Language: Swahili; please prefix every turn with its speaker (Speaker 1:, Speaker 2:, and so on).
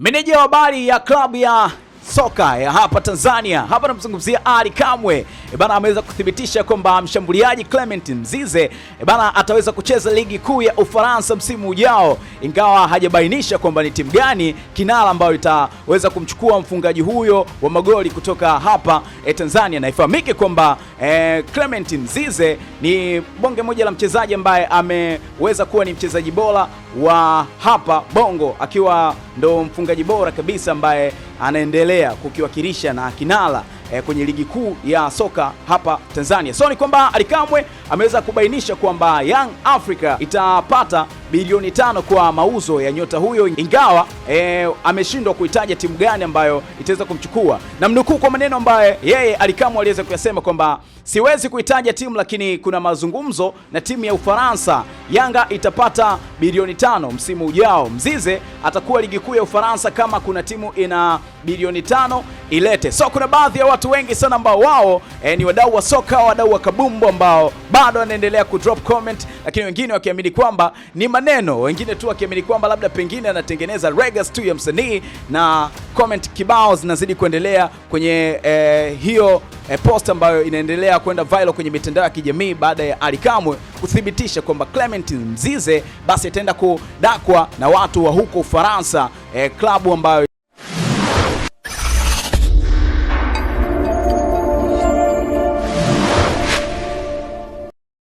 Speaker 1: Meneja wa habari ya klabu ya soka ya hapa Tanzania, hapa namzungumzia Ali Kamwe e bana, ameweza kuthibitisha kwamba mshambuliaji Clement Mzize e bana ataweza kucheza ligi kuu ya Ufaransa msimu ujao, ingawa hajabainisha kwamba ni timu gani kinara ambayo itaweza kumchukua mfungaji huyo wa magoli kutoka hapa e, Tanzania. Na ifahamike kwamba e, Clement Mzize ni bonge moja la mchezaji ambaye ameweza kuwa ni mchezaji bora wa hapa Bongo akiwa ndo mfungaji bora kabisa ambaye anaendelea kukiwakilisha na kinala eh, kwenye ligi kuu ya soka hapa Tanzania. So ni kwamba Alikamwe ameweza kubainisha kwamba Young Africa itapata bilioni tano kwa mauzo ya nyota huyo, ingawa e, ameshindwa kuitaja timu gani ambayo itaweza kumchukua, na mnukuu kwa maneno ambayo yeye Alikamwe aliweza kuyasema kwamba siwezi kuitaja timu, lakini kuna mazungumzo na timu ya Ufaransa. Yanga itapata bilioni tano msimu ujao. Mzize atakuwa ligi kuu ya Ufaransa, kama kuna timu ina bilioni tano ilete. So kuna baadhi ya watu wengi sana ambao wao e, ni wadau wa soka, wadau wa kabumbu ambao bado wanaendelea ku drop comment, lakini wengine wakiamini kwamba ni maneno, wengine tu wakiamini kwamba labda pengine anatengeneza regas tu ya msanii, na comment kibao zinazidi kuendelea kwenye eh, hiyo eh, post ambayo inaendelea kwenda viral kwenye mitandao ya kijamii baada ya Ally Kamwe kuthibitisha kwamba Clement Mzize basi ataenda kudakwa na watu wa huko Ufaransa, eh, klabu ambayo